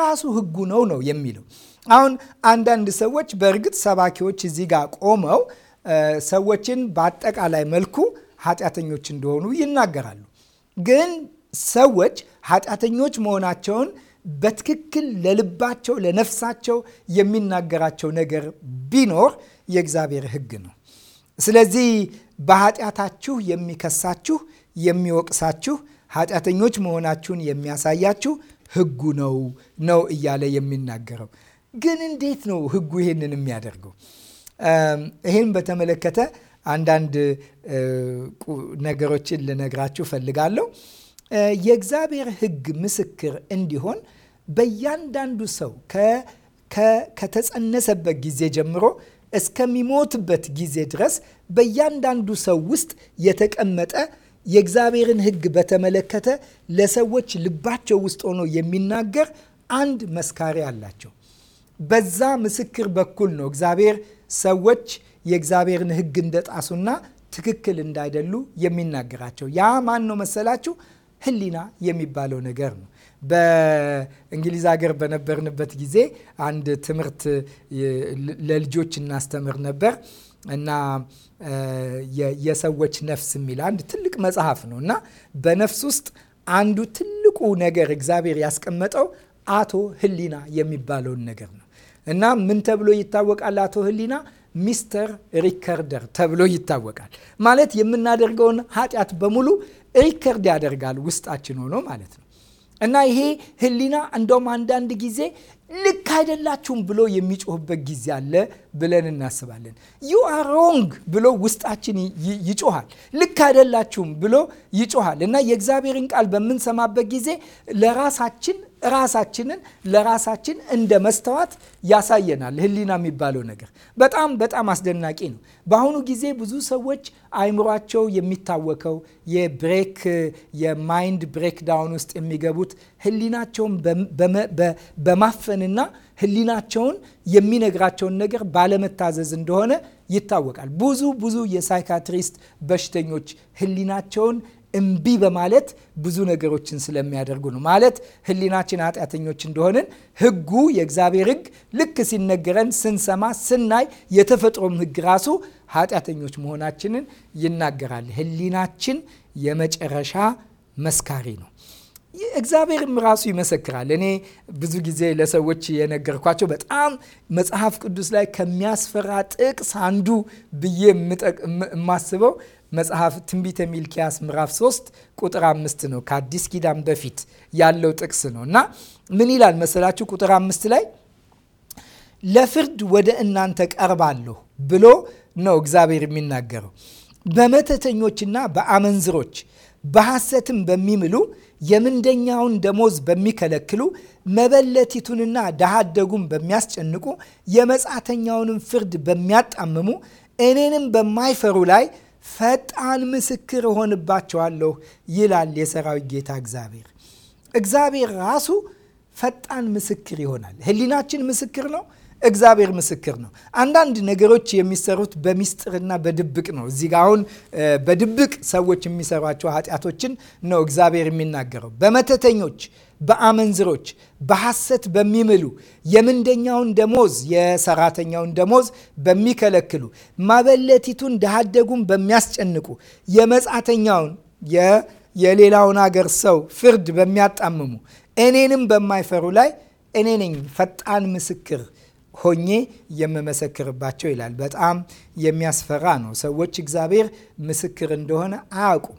ራሱ ህጉ ነው ነው የሚለው። አሁን አንዳንድ ሰዎች በእርግጥ ሰባኪዎች እዚህ ጋር ቆመው ሰዎችን በአጠቃላይ መልኩ ኃጢአተኞች እንደሆኑ ይናገራሉ። ግን ሰዎች ኃጢአተኞች መሆናቸውን በትክክል ለልባቸው ለነፍሳቸው የሚናገራቸው ነገር ቢኖር የእግዚአብሔር ህግ ነው። ስለዚህ በኃጢአታችሁ የሚከሳችሁ የሚወቅሳችሁ ኃጢአተኞች መሆናችሁን የሚያሳያችሁ ህጉ ነው ነው እያለ የሚናገረው። ግን እንዴት ነው ህጉ ይሄንን የሚያደርገው? ይህን በተመለከተ አንዳንድ ነገሮችን ልነግራችሁ ፈልጋለሁ። የእግዚአብሔር ህግ ምስክር እንዲሆን በእያንዳንዱ ሰው ከተጸነሰበት ጊዜ ጀምሮ እስከሚሞትበት ጊዜ ድረስ በእያንዳንዱ ሰው ውስጥ የተቀመጠ የእግዚአብሔርን ሕግ በተመለከተ ለሰዎች ልባቸው ውስጥ ሆኖ የሚናገር አንድ መስካሪ አላቸው። በዛ ምስክር በኩል ነው እግዚአብሔር ሰዎች የእግዚአብሔርን ሕግ እንደጣሱና ትክክል እንዳይደሉ የሚናገራቸው። ያ ማን ነው መሰላችሁ? ሕሊና የሚባለው ነገር ነው። በእንግሊዝ ሀገር በነበርንበት ጊዜ አንድ ትምህርት ለልጆች እናስተምር ነበር እና የሰዎች ነፍስ የሚል አንድ ትልቅ መጽሐፍ ነው እና በነፍስ ውስጥ አንዱ ትልቁ ነገር እግዚአብሔር ያስቀመጠው አቶ ህሊና የሚባለውን ነገር ነው እና ምን ተብሎ ይታወቃል? አቶ ህሊና ሚስተር ሪከርደር ተብሎ ይታወቃል። ማለት የምናደርገውን ኃጢአት በሙሉ ሪከርድ ያደርጋል ውስጣችን ሆኖ ማለት ነው። እና ይሄ ህሊና እንደውም አንዳንድ ጊዜ ልክ አይደላችሁም ብሎ የሚጮህበት ጊዜ አለ ብለን እናስባለን። ዩ አር ሮንግ ብሎ ውስጣችን ይጮሃል። ልክ አይደላችሁም ብሎ ይጮሃል እና የእግዚአብሔርን ቃል በምንሰማበት ጊዜ ለራሳችን ራሳችንን ለራሳችን እንደ መስተዋት ያሳየናል። ህሊና የሚባለው ነገር በጣም በጣም አስደናቂ ነው። በአሁኑ ጊዜ ብዙ ሰዎች አይምሯቸው የሚታወከው የብሬክ የማይንድ ብሬክ ዳውን ውስጥ የሚገቡት ህሊናቸውን በማፈንና ህሊናቸውን የሚነግራቸውን ነገር ባለመታዘዝ እንደሆነ ይታወቃል። ብዙ ብዙ የሳይካትሪስት በሽተኞች ህሊናቸውን እምቢ በማለት ብዙ ነገሮችን ስለሚያደርጉ ነው። ማለት ህሊናችን ኃጢአተኞች እንደሆንን ህጉ የእግዚአብሔር ህግ ልክ ሲነገረን ስንሰማ፣ ስናይ የተፈጥሮም ህግ ራሱ ኃጢአተኞች መሆናችንን ይናገራል። ህሊናችን የመጨረሻ መስካሪ ነው። እግዚአብሔርም ራሱ ይመሰክራል። እኔ ብዙ ጊዜ ለሰዎች የነገርኳቸው በጣም መጽሐፍ ቅዱስ ላይ ከሚያስፈራ ጥቅስ አንዱ ብዬ የማስበው መጽሐፍ ትንቢተ ሚልኪያስ ምዕራፍ 3 ቁጥር አምስት ነው። ከአዲስ ኪዳን በፊት ያለው ጥቅስ ነው እና ምን ይላል መሰላችሁ? ቁጥር አምስት ላይ ለፍርድ ወደ እናንተ ቀርባለሁ ብሎ ነው እግዚአብሔር የሚናገረው። በመተተኞችና በአመንዝሮች በሐሰትም በሚምሉ የምንደኛውን ደሞዝ በሚከለክሉ መበለቲቱንና ደሃደጉን በሚያስጨንቁ የመጻተኛውንም ፍርድ በሚያጣምሙ እኔንም በማይፈሩ ላይ ፈጣን ምስክር እሆንባቸዋለሁ ይላል የሰራዊት ጌታ እግዚአብሔር። እግዚአብሔር ራሱ ፈጣን ምስክር ይሆናል። ህሊናችን ምስክር ነው። እግዚአብሔር ምስክር ነው። አንዳንድ ነገሮች የሚሰሩት በሚስጥርና በድብቅ ነው። እዚህ ጋ አሁን በድብቅ ሰዎች የሚሰሯቸው ኃጢአቶችን ነው እግዚአብሔር የሚናገረው። በመተተኞች፣ በአመንዝሮች፣ በሐሰት በሚምሉ የምንደኛውን ደሞዝ የሰራተኛውን ደሞዝ በሚከለክሉ ማበለቲቱን ድሃ በሚያስጨንቁ የመጻተኛውን የሌላውን አገር ሰው ፍርድ በሚያጣምሙ እኔንም በማይፈሩ ላይ እኔ ነኝ ፈጣን ምስክር ሆኜ የምመሰክርባቸው ይላል። በጣም የሚያስፈራ ነው። ሰዎች እግዚአብሔር ምስክር እንደሆነ አያውቁም።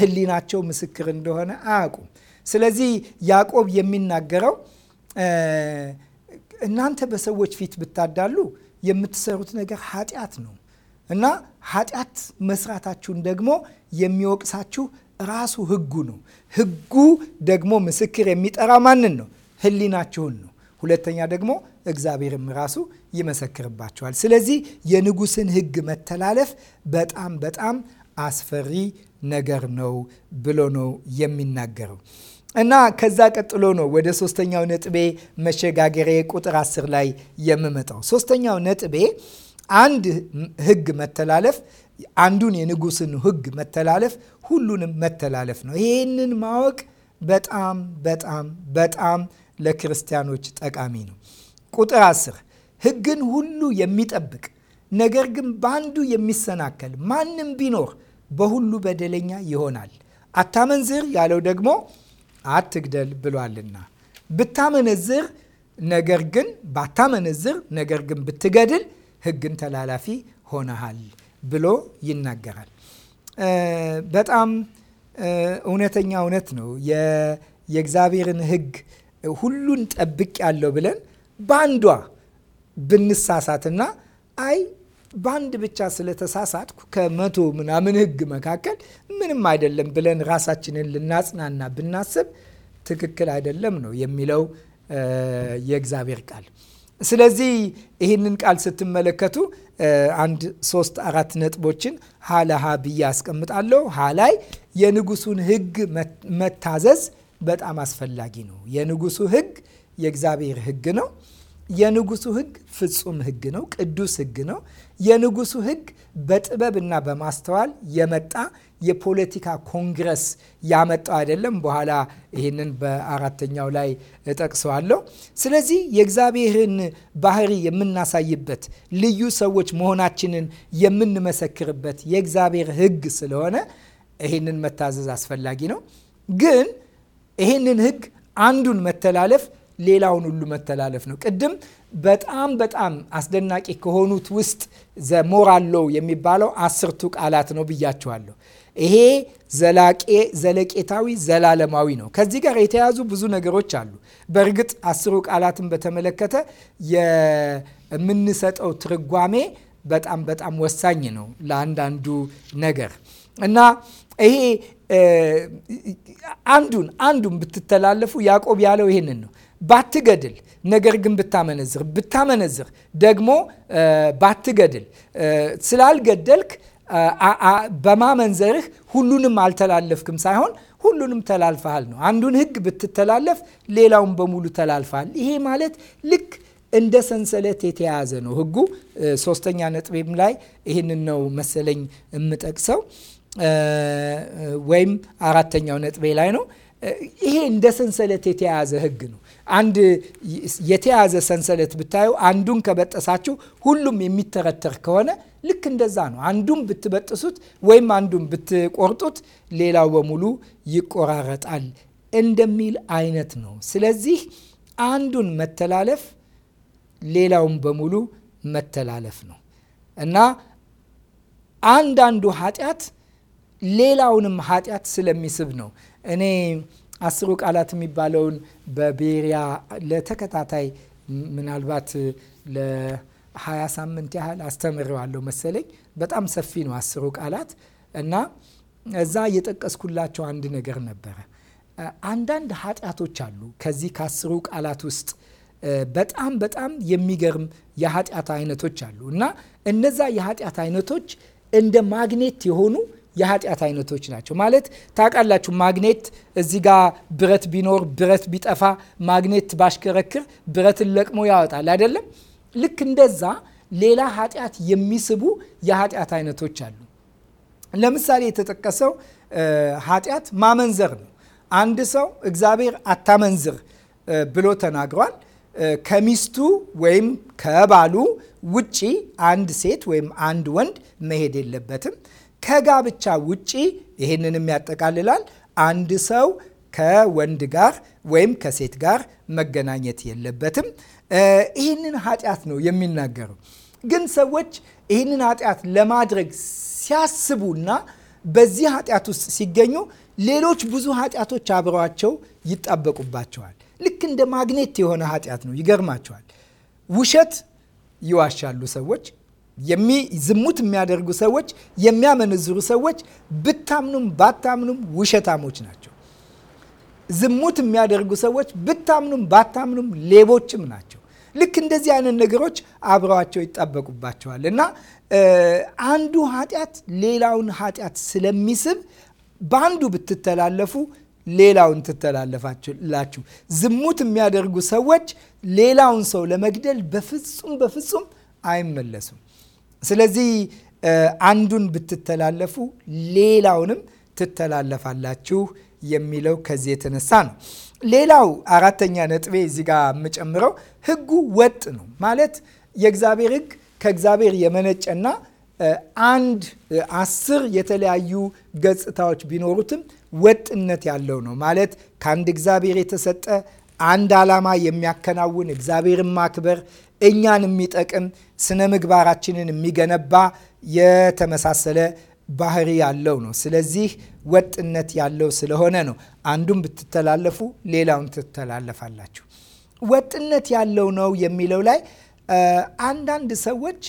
ሕሊናቸው ምስክር እንደሆነ አያውቁም። ስለዚህ ያዕቆብ የሚናገረው እናንተ በሰዎች ፊት ብታዳሉ የምትሰሩት ነገር ኃጢአት ነው እና ኃጢአት መስራታችሁን ደግሞ የሚወቅሳችሁ ራሱ ሕጉ ነው። ሕጉ ደግሞ ምስክር የሚጠራ ማንን ነው? ሕሊናችሁን ነው። ሁለተኛ ደግሞ እግዚአብሔርም ራሱ ይመሰክርባቸዋል። ስለዚህ የንጉስን ሕግ መተላለፍ በጣም በጣም አስፈሪ ነገር ነው ብሎ ነው የሚናገረው። እና ከዛ ቀጥሎ ነው ወደ ሶስተኛው ነጥቤ መሸጋገሬ ቁጥር አስር ላይ የምመጣው። ሶስተኛው ነጥቤ አንድ ህግ መተላለፍ አንዱን የንጉስን ህግ መተላለፍ ሁሉንም መተላለፍ ነው። ይህንን ማወቅ በጣም በጣም በጣም ለክርስቲያኖች ጠቃሚ ነው። ቁጥር 10 ህግን ሁሉ የሚጠብቅ ነገር ግን በአንዱ የሚሰናከል ማንም ቢኖር በሁሉ በደለኛ ይሆናል። አታመንዝር ያለው ደግሞ አትግደል ብሏልና ብታመነዝር ነገር ግን ባታመነዝር ነገር ግን ብትገድል ህግን ተላላፊ ሆነሃል ብሎ ይናገራል። በጣም እውነተኛ እውነት ነው። የእግዚአብሔርን ህግ? ሁሉን ጠብቅ ያለው ብለን በአንዷ ብንሳሳትና አይ በአንድ ብቻ ስለተሳሳትኩ ከመቶ ምናምን ህግ መካከል ምንም አይደለም ብለን ራሳችንን ልናጽናና ብናስብ ትክክል አይደለም ነው የሚለው የእግዚአብሔር ቃል። ስለዚህ ይህንን ቃል ስትመለከቱ አንድ ሶስት አራት ነጥቦችን ሀ ለሀ ብዬ አስቀምጣለሁ። ሀ ላይ የንጉሱን ህግ መታዘዝ በጣም አስፈላጊ ነው። የንጉሱ ህግ የእግዚአብሔር ህግ ነው። የንጉሱ ህግ ፍጹም ህግ ነው። ቅዱስ ህግ ነው። የንጉሱ ህግ በጥበብ እና በማስተዋል የመጣ የፖለቲካ ኮንግረስ ያመጣው አይደለም። በኋላ ይህንን በአራተኛው ላይ እጠቅሰዋለሁ። ስለዚህ የእግዚአብሔርን ባህሪ የምናሳይበት ልዩ ሰዎች መሆናችንን የምንመሰክርበት የእግዚአብሔር ህግ ስለሆነ ይህንን መታዘዝ አስፈላጊ ነው ግን ይሄንን ህግ አንዱን መተላለፍ ሌላውን ሁሉ መተላለፍ ነው። ቅድም በጣም በጣም አስደናቂ ከሆኑት ውስጥ ዘ ሞራል ሎው የሚባለው አስርቱ ቃላት ነው ብያችኋለሁ። ይሄ ዘለቄታዊ ዘላለማዊ ነው። ከዚህ ጋር የተያዙ ብዙ ነገሮች አሉ። በእርግጥ አስሩ ቃላትን በተመለከተ የምንሰጠው ትርጓሜ በጣም በጣም ወሳኝ ነው ለአንዳንዱ ነገር እና ይሄ አንዱን አንዱን ብትተላለፉ ያዕቆብ ያለው ይህንን ነው። ባትገድል ነገር ግን ብታመነዝር፣ ብታመነዝር ደግሞ ባትገድል ስላልገደልክ በማመንዘርህ ሁሉንም አልተላለፍክም ሳይሆን ሁሉንም ተላልፈሃል ነው። አንዱን ህግ ብትተላለፍ ሌላውን በሙሉ ተላልፈሃል። ይሄ ማለት ልክ እንደ ሰንሰለት የተያያዘ ነው ህጉ ሶስተኛ ነጥቤም ላይ ይህንን ነው መሰለኝ የምጠቅሰው ወይም አራተኛው ነጥቤ ላይ ነው። ይሄ እንደ ሰንሰለት የተያያዘ ህግ ነው። አንድ የተያያዘ ሰንሰለት ብታዩ አንዱን ከበጠሳችሁ ሁሉም የሚተረተር ከሆነ ልክ እንደዛ ነው። አንዱን ብትበጥሱት ወይም አንዱን ብትቆርጡት ሌላው በሙሉ ይቆራረጣል እንደሚል አይነት ነው። ስለዚህ አንዱን መተላለፍ ሌላውን በሙሉ መተላለፍ ነው እና አንዳንዱ ኃጢአት ሌላውንም ኃጢአት ስለሚስብ ነው። እኔ አስሩ ቃላት የሚባለውን በቤሪያ ለተከታታይ ምናልባት ለሀያ ሳምንት ያህል አስተምረዋለሁ መሰለኝ። በጣም ሰፊ ነው አስሩ ቃላት እና እዛ የጠቀስኩላቸው አንድ ነገር ነበረ። አንዳንድ ኃጢአቶች አሉ ከዚህ ከአስሩ ቃላት ውስጥ በጣም በጣም የሚገርም የኃጢአት አይነቶች አሉ እና እነዛ የኃጢአት አይነቶች እንደ ማግኔት የሆኑ የኃጢአት አይነቶች ናቸው። ማለት ታውቃላችሁ፣ ማግኔት እዚ ጋ ብረት ቢኖር ብረት ቢጠፋ ማግኔት ባሽከረክር ብረትን ለቅሞ ያወጣል አይደለም? ልክ እንደዛ ሌላ ኃጢአት የሚስቡ የኃጢአት አይነቶች አሉ። ለምሳሌ የተጠቀሰው ኃጢአት ማመንዘር ነው። አንድ ሰው እግዚአብሔር አታመንዝር ብሎ ተናግሯል። ከሚስቱ ወይም ከባሉ ውጪ አንድ ሴት ወይም አንድ ወንድ መሄድ የለበትም። ከጋብቻ ውጪ ይህንንም ያጠቃልላል። አንድ ሰው ከወንድ ጋር ወይም ከሴት ጋር መገናኘት የለበትም። ይህንን ኃጢአት ነው የሚናገረው። ግን ሰዎች ይህንን ኃጢአት ለማድረግ ሲያስቡና በዚህ ኃጢአት ውስጥ ሲገኙ ሌሎች ብዙ ኃጢአቶች አብረዋቸው ይጣበቁባቸዋል። ልክ እንደ ማግኔት የሆነ ኃጢአት ነው። ይገርማቸዋል። ውሸት ይዋሻሉ ሰዎች ዝሙት የሚያደርጉ ሰዎች፣ የሚያመነዝሩ ሰዎች ብታምኑም ባታምኑም ውሸታሞች ናቸው። ዝሙት የሚያደርጉ ሰዎች ብታምኑም ባታምኑም ሌቦችም ናቸው። ልክ እንደዚህ አይነት ነገሮች አብረዋቸው ይጠበቁባቸዋል እና አንዱ ኃጢአት ሌላውን ኃጢአት ስለሚስብ በአንዱ ብትተላለፉ ሌላውን ትተላለፋላችሁ። ዝሙት የሚያደርጉ ሰዎች ሌላውን ሰው ለመግደል በፍጹም በፍጹም አይመለሱም። ስለዚህ አንዱን ብትተላለፉ ሌላውንም ትተላለፋላችሁ የሚለው ከዚህ የተነሳ ነው። ሌላው አራተኛ ነጥቤ እዚህ ጋር የምጨምረው ህጉ ወጥ ነው ማለት የእግዚአብሔር ህግ ከእግዚአብሔር የመነጨና አንድ አስር የተለያዩ ገጽታዎች ቢኖሩትም ወጥነት ያለው ነው ማለት ከአንድ እግዚአብሔር የተሰጠ አንድ ዓላማ የሚያከናውን እግዚአብሔርን ማክበር፣ እኛን የሚጠቅም ስነ ምግባራችንን የሚገነባ የተመሳሰለ ባህሪ ያለው ነው። ስለዚህ ወጥነት ያለው ስለሆነ ነው። አንዱን ብትተላለፉ ሌላውን ትተላለፋላችሁ። ወጥነት ያለው ነው የሚለው ላይ አንዳንድ ሰዎች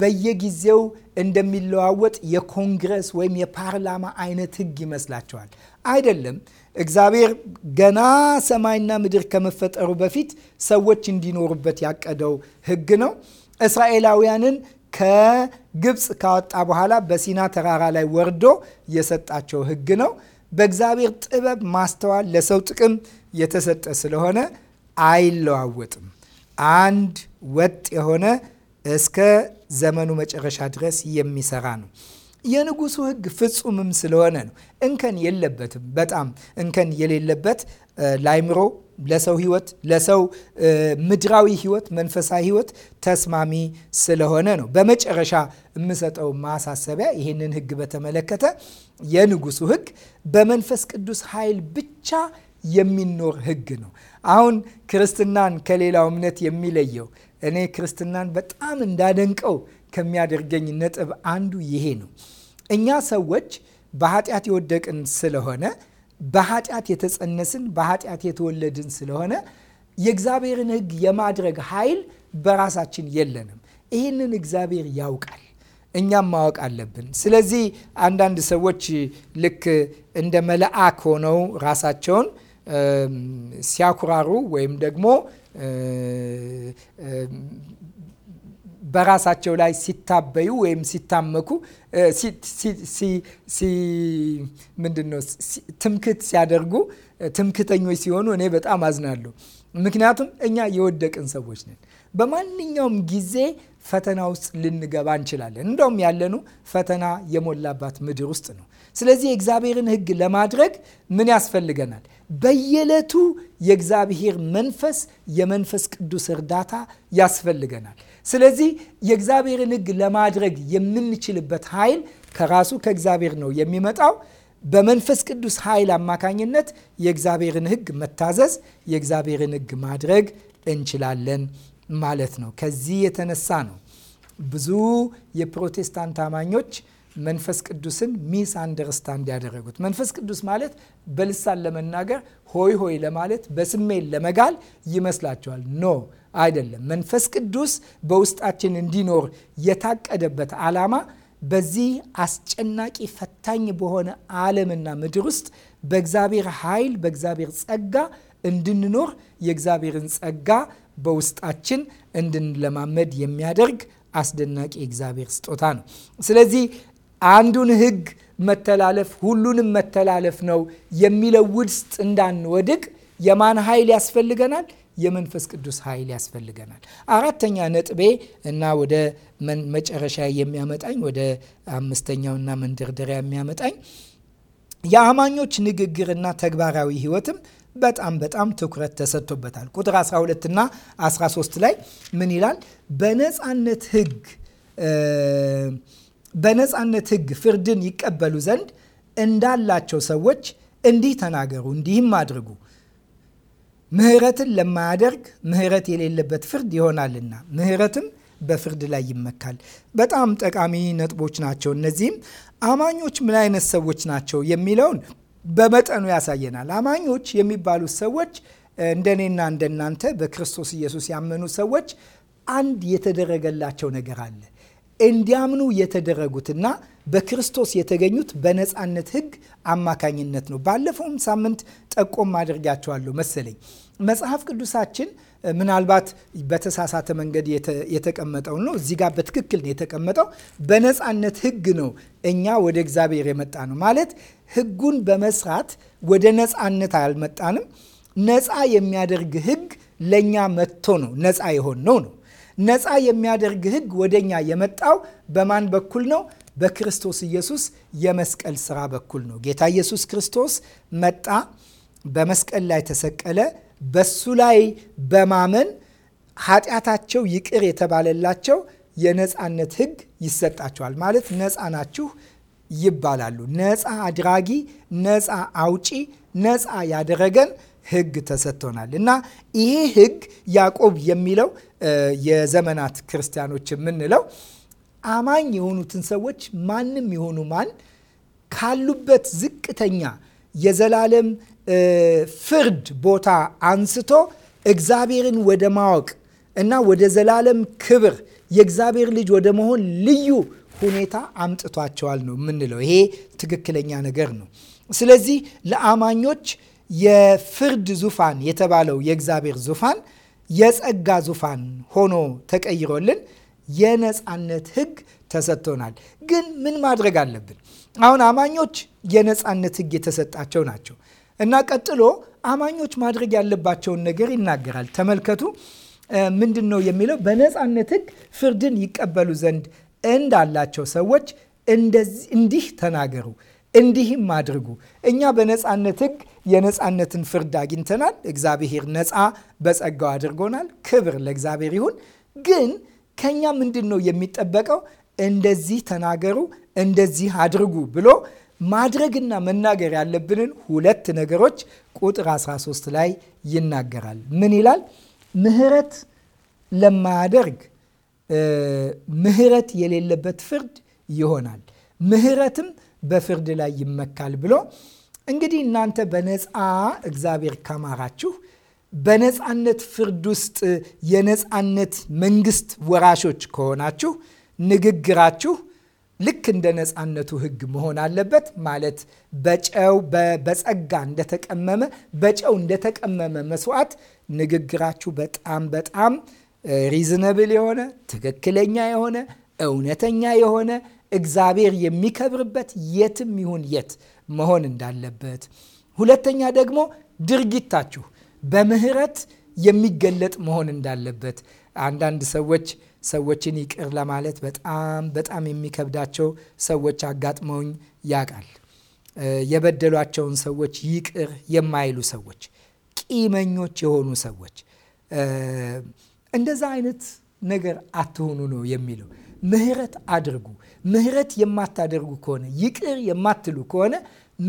በየጊዜው እንደሚለዋወጥ የኮንግረስ ወይም የፓርላማ አይነት ህግ ይመስላቸዋል። አይደለም። እግዚአብሔር ገና ሰማይና ምድር ከመፈጠሩ በፊት ሰዎች እንዲኖሩበት ያቀደው ሕግ ነው። እስራኤላውያንን ከግብፅ ካወጣ በኋላ በሲና ተራራ ላይ ወርዶ የሰጣቸው ሕግ ነው። በእግዚአብሔር ጥበብ ማስተዋል ለሰው ጥቅም የተሰጠ ስለሆነ አይለዋወጥም። አንድ ወጥ የሆነ እስከ ዘመኑ መጨረሻ ድረስ የሚሰራ ነው። የንጉሱ ህግ ፍጹምም ስለሆነ ነው። እንከን የለበትም። በጣም እንከን የሌለበት ላይምሮ፣ ለሰው ህይወት ለሰው ምድራዊ ህይወት መንፈሳዊ ህይወት ተስማሚ ስለሆነ ነው። በመጨረሻ የምሰጠው ማሳሰቢያ ይህንን ህግ በተመለከተ የንጉሱ ህግ በመንፈስ ቅዱስ ኃይል ብቻ የሚኖር ህግ ነው። አሁን ክርስትናን ከሌላው እምነት የሚለየው እኔ ክርስትናን በጣም እንዳደንቀው ከሚያደርገኝ ነጥብ አንዱ ይሄ ነው። እኛ ሰዎች በኃጢአት የወደቅን ስለሆነ በኃጢአት የተጸነስን በኃጢአት የተወለድን ስለሆነ የእግዚአብሔርን ሕግ የማድረግ ኃይል በራሳችን የለንም። ይህንን እግዚአብሔር ያውቃል፣ እኛም ማወቅ አለብን። ስለዚህ አንዳንድ ሰዎች ልክ እንደ መልአክ ሆነው ራሳቸውን ሲያኩራሩ ወይም ደግሞ በራሳቸው ላይ ሲታበዩ ወይም ሲታመኩ ምንድን ነው ትምክት ሲያደርጉ ትምክተኞች ሲሆኑ እኔ በጣም አዝናለሁ። ምክንያቱም እኛ የወደቅን ሰዎች ነን። በማንኛውም ጊዜ ፈተና ውስጥ ልንገባ እንችላለን። እንደውም ያለኑ ፈተና የሞላባት ምድር ውስጥ ነው። ስለዚህ የእግዚአብሔርን ሕግ ለማድረግ ምን ያስፈልገናል? በየዕለቱ የእግዚአብሔር መንፈስ የመንፈስ ቅዱስ እርዳታ ያስፈልገናል። ስለዚህ የእግዚአብሔርን ሕግ ለማድረግ የምንችልበት ኃይል ከራሱ ከእግዚአብሔር ነው የሚመጣው በመንፈስ ቅዱስ ኃይል አማካኝነት የእግዚአብሔርን ሕግ መታዘዝ፣ የእግዚአብሔርን ሕግ ማድረግ እንችላለን ማለት ነው። ከዚህ የተነሳ ነው ብዙ የፕሮቴስታንት አማኞች መንፈስ ቅዱስን ሚስ አንደርስታንድ ያደረጉት። መንፈስ ቅዱስ ማለት በልሳን ለመናገር ሆይ ሆይ ለማለት በስሜት ለመጋል ይመስላቸዋል። ኖ አይደለም። መንፈስ ቅዱስ በውስጣችን እንዲኖር የታቀደበት ዓላማ በዚህ አስጨናቂ ፈታኝ በሆነ ዓለምና ምድር ውስጥ በእግዚአብሔር ኃይል በእግዚአብሔር ጸጋ እንድንኖር የእግዚአብሔርን ጸጋ በውስጣችን እንድንለማመድ የሚያደርግ አስደናቂ የእግዚአብሔር ስጦታ ነው። ስለዚህ አንዱን ሕግ መተላለፍ ሁሉንም መተላለፍ ነው የሚለው ውስጥ እንዳንወድቅ የማን ኃይል ያስፈልገናል? የመንፈስ ቅዱስ ኃይል ያስፈልገናል። አራተኛ ነጥቤ እና ወደ መጨረሻ የሚያመጣኝ ወደ አምስተኛውና መንደርደሪያ የሚያመጣኝ የአማኞች ንግግርና ተግባራዊ ህይወትም በጣም በጣም ትኩረት ተሰጥቶበታል። ቁጥር 12 እና 13 ላይ ምን ይላል? በነፃነት ህግ በነፃነት ፍርድን ይቀበሉ ዘንድ እንዳላቸው ሰዎች እንዲህ ተናገሩ፣ እንዲህም አድርጉ ምህረትን ለማያደርግ ምህረት የሌለበት ፍርድ ይሆናልና ምህረትም በፍርድ ላይ ይመካል። በጣም ጠቃሚ ነጥቦች ናቸው። እነዚህም አማኞች ምን አይነት ሰዎች ናቸው የሚለውን በመጠኑ ያሳየናል። አማኞች የሚባሉት ሰዎች እንደኔና እንደናንተ በክርስቶስ ኢየሱስ ያመኑ ሰዎች አንድ የተደረገላቸው ነገር አለ። እንዲያምኑ የተደረጉትና በክርስቶስ የተገኙት በነፃነት ሕግ አማካኝነት ነው። ባለፈውም ሳምንት ጠቆም አድርጋቸዋለሁ መሰለኝ። መጽሐፍ ቅዱሳችን ምናልባት በተሳሳተ መንገድ የተቀመጠው ነው። እዚህ ጋር በትክክል ነው የተቀመጠው። በነፃነት ህግ ነው እኛ ወደ እግዚአብሔር የመጣ ነው ማለት ህጉን በመስራት ወደ ነፃነት አልመጣንም። ነፃ የሚያደርግ ህግ ለእኛ መጥቶ ነው ነፃ የሆን ነው ነው ነፃ የሚያደርግ ህግ ወደኛ የመጣው በማን በኩል ነው? በክርስቶስ ኢየሱስ የመስቀል ስራ በኩል ነው። ጌታ ኢየሱስ ክርስቶስ መጣ፣ በመስቀል ላይ ተሰቀለ በሱ ላይ በማመን ኃጢአታቸው ይቅር የተባለላቸው የነፃነት ህግ ይሰጣቸዋል። ማለት ነፃ ናችሁ ይባላሉ። ነፃ አድራጊ፣ ነፃ አውጪ፣ ነፃ ያደረገን ህግ ተሰጥቶናል እና ይሄ ህግ ያዕቆብ የሚለው የዘመናት ክርስቲያኖች የምንለው አማኝ የሆኑትን ሰዎች ማንም የሆኑ ማን ካሉበት ዝቅተኛ የዘላለም ፍርድ ቦታ አንስቶ እግዚአብሔርን ወደ ማወቅ እና ወደ ዘላለም ክብር የእግዚአብሔር ልጅ ወደ መሆን ልዩ ሁኔታ አምጥቷቸዋል ነው የምንለው። ይሄ ትክክለኛ ነገር ነው። ስለዚህ ለአማኞች የፍርድ ዙፋን የተባለው የእግዚአብሔር ዙፋን የጸጋ ዙፋን ሆኖ ተቀይሮልን የነፃነት ሕግ ተሰጥቶናል። ግን ምን ማድረግ አለብን? አሁን አማኞች የነፃነት ሕግ የተሰጣቸው ናቸው። እና ቀጥሎ አማኞች ማድረግ ያለባቸውን ነገር ይናገራል። ተመልከቱ ምንድን ነው የሚለው? በነፃነት ሕግ ፍርድን ይቀበሉ ዘንድ እንዳላቸው ሰዎች እንዲህ ተናገሩ፣ እንዲህም አድርጉ። እኛ በነፃነት ሕግ የነፃነትን ፍርድ አግኝተናል። እግዚአብሔር ነፃ በጸጋው አድርጎናል። ክብር ለእግዚአብሔር ይሁን። ግን ከእኛ ምንድን ነው የሚጠበቀው? እንደዚህ ተናገሩ፣ እንደዚህ አድርጉ ብሎ ማድረግና መናገር ያለብንን ሁለት ነገሮች ቁጥር 13 ላይ ይናገራል። ምን ይላል? ምሕረት ለማያደርግ ምሕረት የሌለበት ፍርድ ይሆናል፣ ምሕረትም በፍርድ ላይ ይመካል ብሎ እንግዲህ እናንተ በነፃ እግዚአብሔር ካማራችሁ በነፃነት ፍርድ ውስጥ የነፃነት መንግስት ወራሾች ከሆናችሁ ንግግራችሁ ልክ እንደ ነፃነቱ ህግ መሆን አለበት። ማለት በጨው በጸጋ እንደተቀመመ በጨው እንደተቀመመ መስዋዕት ንግግራችሁ በጣም በጣም ሪዝነብል የሆነ ትክክለኛ የሆነ እውነተኛ የሆነ እግዚአብሔር የሚከብርበት የትም ይሁን የት መሆን እንዳለበት፣ ሁለተኛ ደግሞ ድርጊታችሁ በምህረት የሚገለጥ መሆን እንዳለበት አንዳንድ ሰዎች ሰዎችን ይቅር ለማለት በጣም በጣም የሚከብዳቸው ሰዎች አጋጥመውኝ ያውቃል። የበደሏቸውን ሰዎች ይቅር የማይሉ ሰዎች፣ ቂመኞች የሆኑ ሰዎች እንደዛ አይነት ነገር አትሆኑ ነው የሚለው። ምህረት አድርጉ። ምህረት የማታደርጉ ከሆነ ይቅር የማትሉ ከሆነ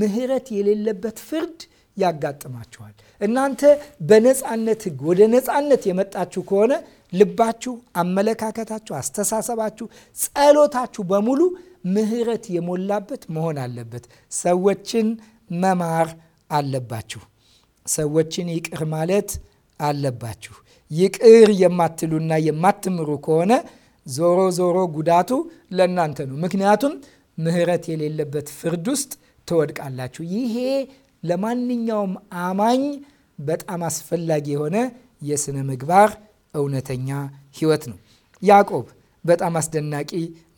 ምህረት የሌለበት ፍርድ ያጋጥማችኋል። እናንተ በነፃነት ህግ ወደ ነፃነት የመጣችሁ ከሆነ ልባችሁ፣ አመለካከታችሁ፣ አስተሳሰባችሁ፣ ጸሎታችሁ በሙሉ ምህረት የሞላበት መሆን አለበት። ሰዎችን መማር አለባችሁ። ሰዎችን ይቅር ማለት አለባችሁ። ይቅር የማትሉና የማትምሩ ከሆነ ዞሮ ዞሮ ጉዳቱ ለእናንተ ነው። ምክንያቱም ምህረት የሌለበት ፍርድ ውስጥ ትወድቃላችሁ። ይሄ ለማንኛውም አማኝ በጣም አስፈላጊ የሆነ የስነ ምግባር እውነተኛ ህይወት ነው። ያዕቆብ በጣም አስደናቂ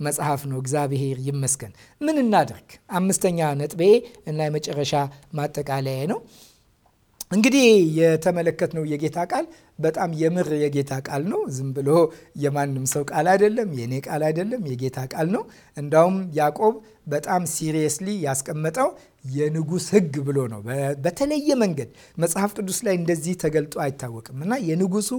መጽሐፍ ነው። እግዚአብሔር ይመስገን። ምን እናድርግ? አምስተኛ ነጥቤ እና የመጨረሻ ማጠቃለያ ነው። እንግዲህ የተመለከትነው የጌታ ቃል በጣም የምር የጌታ ቃል ነው። ዝም ብሎ የማንም ሰው ቃል አይደለም፣ የእኔ ቃል አይደለም፣ የጌታ ቃል ነው። እንዳውም ያዕቆብ በጣም ሲሪየስሊ ያስቀመጠው የንጉስ ህግ ብሎ ነው። በተለየ መንገድ መጽሐፍ ቅዱስ ላይ እንደዚህ ተገልጦ አይታወቅም እና የንጉሱ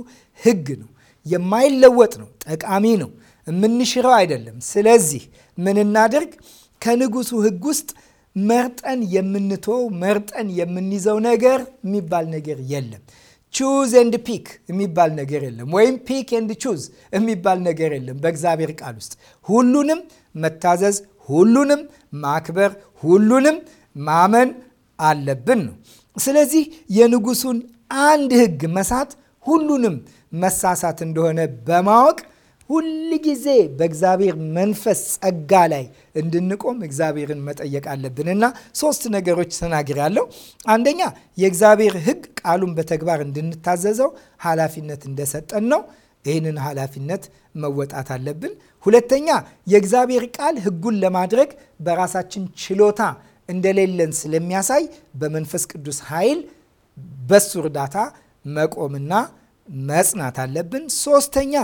ህግ ነው። የማይለወጥ ነው። ጠቃሚ ነው። የምንሽረው አይደለም። ስለዚህ ምን እናድርግ? ከንጉሱ ህግ ውስጥ መርጠን የምንተወው መርጠን የምንይዘው ነገር የሚባል ነገር የለም። ቹዝ ኤንድ ፒክ የሚባል ነገር የለም። ወይም ፒክ ኤንድ ቹዝ የሚባል ነገር የለም በእግዚአብሔር ቃል ውስጥ ሁሉንም መታዘዝ፣ ሁሉንም ማክበር፣ ሁሉንም ማመን አለብን ነው። ስለዚህ የንጉሱን አንድ ህግ መሳት ሁሉንም መሳሳት እንደሆነ በማወቅ ሁል ጊዜ በእግዚአብሔር መንፈስ ጸጋ ላይ እንድንቆም እግዚአብሔርን መጠየቅ አለብን እና ሶስት ነገሮች ያለው አንደኛ የእግዚአብሔር ህግ ቃሉን በተግባር እንድንታዘዘው ኃላፊነት እንደሰጠን ነው። ይህንን ኃላፊነት መወጣት አለብን። ሁለተኛ የእግዚአብሔር ቃል ህጉን ለማድረግ በራሳችን ችሎታ እንደሌለን ስለሚያሳይ በመንፈስ ቅዱስ ኃይል በሱ እርዳታ መቆምና መጽናት አለብን። ሶስተኛ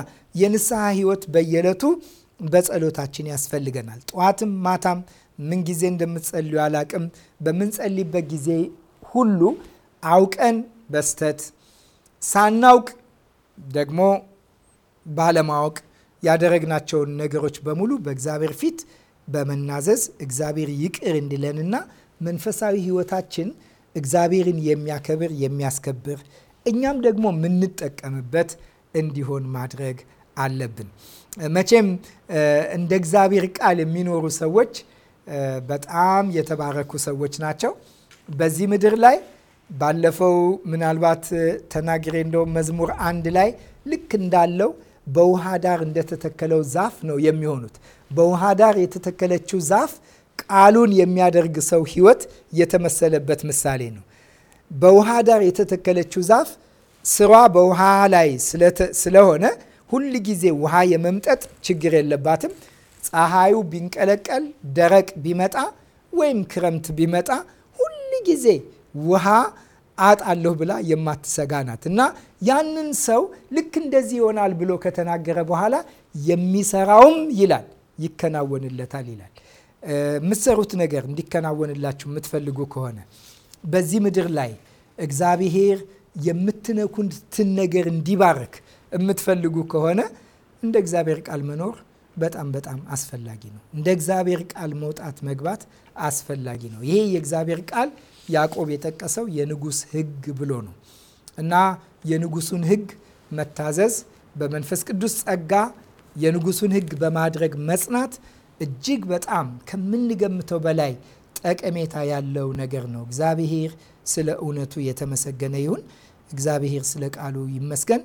የንስሐ ህይወት በየዕለቱ በጸሎታችን ያስፈልገናል። ጠዋትም ማታም ምን ጊዜ እንደምትጸልዩ አላቅም። በምንጸልይበት ጊዜ ሁሉ አውቀን በስተት ሳናውቅ ደግሞ ባለማወቅ ያደረግናቸውን ነገሮች በሙሉ በእግዚአብሔር ፊት በመናዘዝ እግዚአብሔር ይቅር እንዲለንና መንፈሳዊ ህይወታችን እግዚአብሔርን የሚያከብር የሚያስከብር፣ እኛም ደግሞ የምንጠቀምበት እንዲሆን ማድረግ አለብን። መቼም እንደ እግዚአብሔር ቃል የሚኖሩ ሰዎች በጣም የተባረኩ ሰዎች ናቸው። በዚህ ምድር ላይ ባለፈው ምናልባት ተናግሬ እንደውም መዝሙር አንድ ላይ ልክ እንዳለው በውሃ ዳር እንደተተከለው ዛፍ ነው የሚሆኑት። በውሃ ዳር የተተከለችው ዛፍ ቃሉን የሚያደርግ ሰው ህይወት የተመሰለበት ምሳሌ ነው። በውሃ ዳር የተተከለችው ዛፍ ስሯ በውሃ ላይ ስለሆነ ሁል ጊዜ ውሃ የመምጠጥ ችግር የለባትም። ፀሐዩ ቢንቀለቀል፣ ደረቅ ቢመጣ ወይም ክረምት ቢመጣ ሁል ጊዜ ውሃ አጣለሁ ብላ የማትሰጋ ናት። እና ያንን ሰው ልክ እንደዚህ ይሆናል ብሎ ከተናገረ በኋላ የሚሰራውም ይላል ይከናወንለታል ይላል። የምትሰሩት ነገር እንዲከናወንላችሁ የምትፈልጉ ከሆነ በዚህ ምድር ላይ እግዚአብሔር የምትነኩትን ነገር እንዲባርክ የምትፈልጉ ከሆነ እንደ እግዚአብሔር ቃል መኖር በጣም በጣም አስፈላጊ ነው። እንደ እግዚአብሔር ቃል መውጣት መግባት አስፈላጊ ነው። ይሄ የእግዚአብሔር ቃል ያዕቆብ የጠቀሰው የንጉስ ህግ ብሎ ነው እና የንጉሱን ህግ መታዘዝ በመንፈስ ቅዱስ ጸጋ የንጉሱን ህግ በማድረግ መጽናት እጅግ በጣም ከምንገምተው በላይ ጠቀሜታ ያለው ነገር ነው። እግዚአብሔር ስለ እውነቱ የተመሰገነ ይሁን። እግዚአብሔር ስለ ቃሉ ይመስገን።